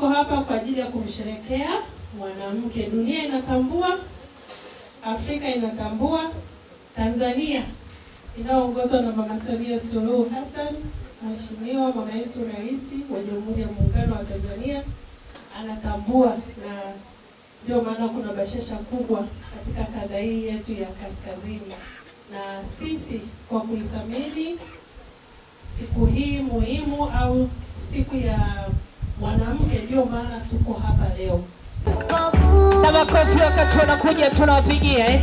tuko hapa kwa ajili ya kumsherekea mwanamke. Dunia inatambua, Afrika inatambua, Tanzania inayoongozwa na Mama Samia Suluhu Hassan, Mheshimiwa mama yetu Rais wa Jamhuri ya Muungano wa Tanzania anatambua, na ndio maana kuna bashasha kubwa katika kanda hii yetu ya kaskazini, na sisi kwa kuithamini siku hii muhimu au siku ya Mwanamke ndio maana tuko hapa leo. Na makofi wakati wanakuja tunawapigia eh.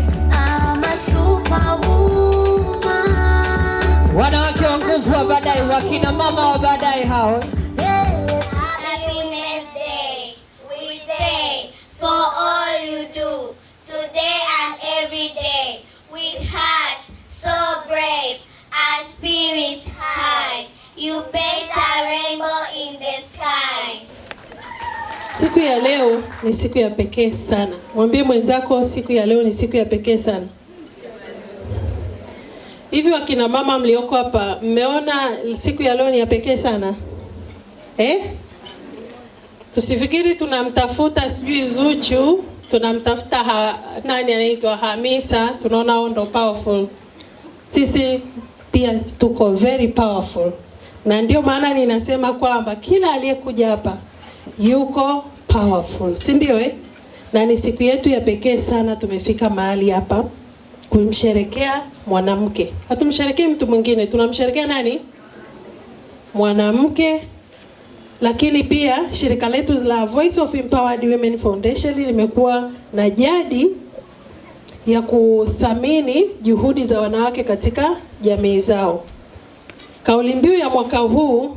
Wanawake wa nguvu wa baadaye, wakina mama wa baadaye hao. Eh? Siku ya leo ni siku ya pekee sana. Mwambie mwenzako siku ya leo ni siku ya pekee sana. Hivi wakina mama mlioko hapa, mmeona siku ya leo ni ya pekee sana eh? Tusifikiri tunamtafuta sijui Zuchu, tunamtafuta ha, nani anaitwa Hamisa, tunaona hao ndo powerful. Sisi pia tuko very powerful, na ndio maana ninasema kwamba kila aliyekuja hapa yuko powerful, si ndio eh? Na ni siku yetu ya pekee sana, tumefika mahali hapa kumsherekea mwanamke. hatumsherekee mtu mwingine, tunamsherekea nani? Mwanamke. Lakini pia shirika letu la Voice of Empowered Women Foundation limekuwa na jadi ya kuthamini juhudi za wanawake katika jamii zao. Kauli mbiu ya mwaka huu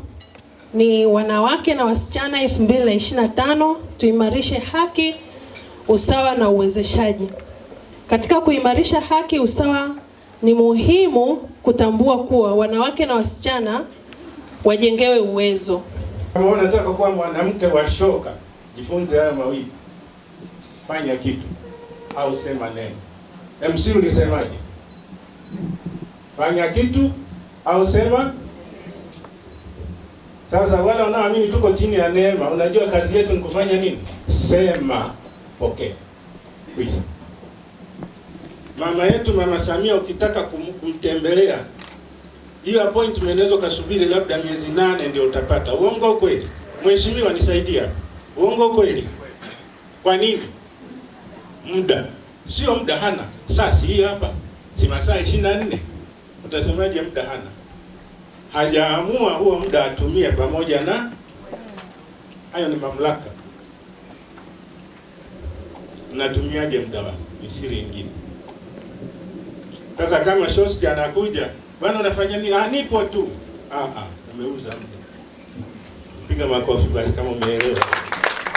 ni wanawake na wasichana 2025 tuimarishe haki, usawa na uwezeshaji. Katika kuimarisha haki, usawa, ni muhimu kutambua kuwa wanawake na wasichana wajengewe uwezo. Kama unataka kuwa mwanamke wa shoka, jifunze haya mawili: fanya kitu au sema neno. MC ulisemaje? Fanya kitu au sema sasa wale wanaoamini tuko chini ya neema, unajua kazi yetu ni kufanya nini? Sema pokea. Okay. Mama yetu Mama Samia, ukitaka kumtembelea hiyo appointment unaweza ukasubiri labda miezi nane ndio utapata. Uongo kweli? Mheshimiwa, nisaidia. Uongo kweli? Kwa nini? Muda sio muda, hana saa, si hii hapa, si masaa 24. Utasemaje muda hana? hajaamua huo muda atumie pamoja na hayo, ni mamlaka. natumiaje muda wako? Ni siri nyingine. Sasa kama shoski anakuja, bwana, unafanya nini? Ah, nipo tu. Ah ah, ameuza muda. Piga makofi basi kama umeelewa.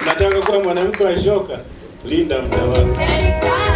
Nataka kuwa mwanamke wa shoka, linda muda wako.